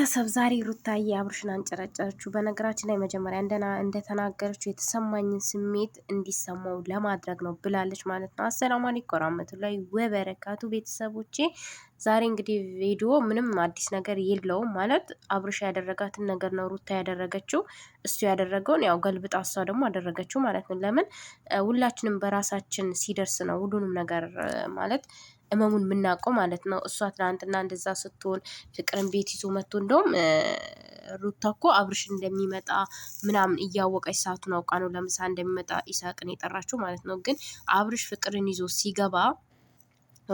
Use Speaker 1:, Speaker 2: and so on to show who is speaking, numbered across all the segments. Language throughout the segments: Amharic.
Speaker 1: ቤተሰብ ዛሬ ሩታዬ አብርሽን አንጨረጨረችው። በነገራችን ላይ መጀመሪያ እንደና እንደተናገረችው የተሰማኝን ስሜት እንዲሰማው ለማድረግ ነው ብላለች ማለት ነው። አሰላሙ አለይኩም ወራህመቱላሂ ወበረካቱ ቤተሰቦቼ። ዛሬ እንግዲህ ቪዲዮ ምንም አዲስ ነገር የለውም ማለት አብርሽ ያደረጋትን ነገር ነው ሩታ ያደረገችው። እሱ ያደረገውን ያው ገልብጣ እሷ ደግሞ አደረገችው ማለት ነው። ለምን ሁላችንም በራሳችን ሲደርስ ነው ሁሉንም ነገር ማለት እመሙን የምናውቀው ማለት ነው። እሷ ትናንትና እንደዛ ስትሆን ፍቅርን ቤት ይዞ መጥቶ እንደውም ሩታ እኮ አብርሽ እንደሚመጣ ምናምን እያወቀች ሰዓቱን አውቃ ነው ለምሳ እንደሚመጣ ይሳቅን የጠራችው ማለት ነው። ግን አብርሽ ፍቅርን ይዞ ሲገባ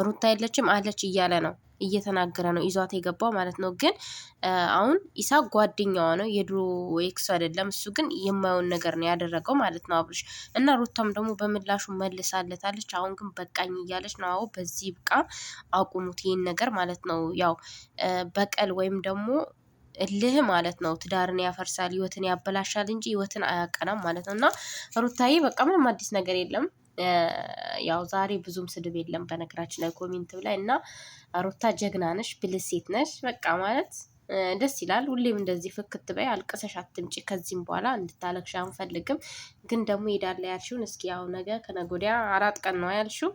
Speaker 1: ሩታ የለችም አለች እያለ ነው እየተናገረ ነው ይዟት የገባው ማለት ነው። ግን አሁን ኢሳ ጓደኛዋ ነው የድሮ ኤክሱ አይደለም። እሱ ግን የማየውን ነገር ነው ያደረገው ማለት ነው አብርሽ እና ሩታም ደግሞ በምላሹ መልሳለታለች። አሁን ግን በቃኝ እያለች ነው። አዎ በዚህ ብቃ አቁሙት ይህን ነገር ማለት ነው። ያው በቀል ወይም ደግሞ እልህ ማለት ነው ትዳርን ያፈርሳል፣ ህይወትን ያበላሻል እንጂ ህይወትን አያቀናም ማለት ነው እና ሩታዬ በቃ ምንም አዲስ ነገር የለም። ያው ዛሬ ብዙም ስድብ የለም በነገራችን ላይ ኮሜንትም ላይ እና ሩታ ጀግና ነሽ፣ ብልሴት ነሽ። በቃ ማለት ደስ ይላል። ሁሌም እንደዚህ ፍክት በይ፣ አልቅሰሽ አትምጪ። ከዚህም በኋላ እንድታለቅሽ አንፈልግም። ግን ደግሞ ሄዳለ ያልሽውን እስኪ ያው ነገ ከነገ ወዲያ አራት ቀን ነው ያልሽው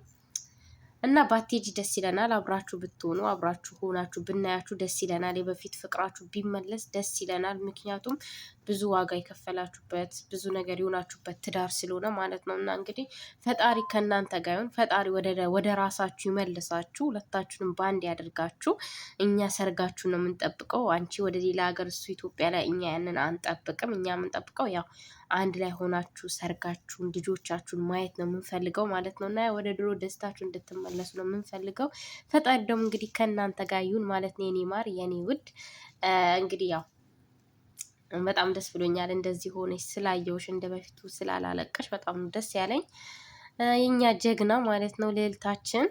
Speaker 1: እና ባቴጅ ደስ ይለናል። አብራችሁ ብትሆኑ አብራችሁ ሆናችሁ ብናያችሁ ደስ ይለናል። የበፊት ፍቅራችሁ ቢመለስ ደስ ይለናል። ምክንያቱም ብዙ ዋጋ የከፈላችሁበት ብዙ ነገር የሆናችሁበት ትዳር ስለሆነ ማለት ነው። እና እንግዲህ ፈጣሪ ከእናንተ ጋር ይሁን። ፈጣሪ ወደ ራሳችሁ ይመልሳችሁ፣ ሁለታችሁንም በአንድ ያደርጋችሁ። እኛ ሰርጋችሁን ነው የምንጠብቀው። አንቺ ወደ ሌላ ሀገር፣ እሱ ኢትዮጵያ ላይ። እኛ ያንን አንጠብቅም። እኛ የምንጠብቀው ያው አንድ ላይ ሆናችሁ ሰርጋችሁን፣ ልጆቻችሁን ማየት ነው የምንፈልገው ማለት ነው እና ወደ ድሮ ደስታችሁ እንድትመ እንድትመለሱ ነው የምንፈልገው። ፈጣሪ ደግሞ እንግዲህ ከእናንተ ጋር ይሁን ማለት ነው። የኔ ማር የኔ ውድ እንግዲህ ያው በጣም ደስ ብሎኛል እንደዚህ ሆነሽ ስላየውሽ እንደ በፊቱ ስላላለቀሽ በጣም ደስ ያለኝ የኛ ጀግና ማለት ነው ልዕልታችን።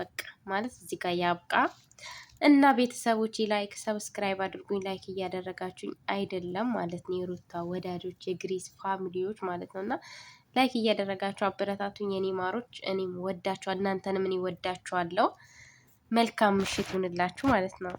Speaker 1: በቃ ማለት እዚህ ጋር ያብቃ። እና ቤተሰቦች ላይክ ሰብስክራይብ አድርጉኝ። ላይክ እያደረጋችሁኝ አይደለም ማለት ነው የሩታ ወዳጆች የግሪስ ፋሚሊዎች ማለት ነው እና ላይክ እያደረጋችሁ አበረታቱኝ የኔ ማሮች። እኔም ወዳችኋል፣ እናንተንም እኔ ወዳችኋለሁ። መልካም ምሽት ይሁንላችሁ ማለት ነው።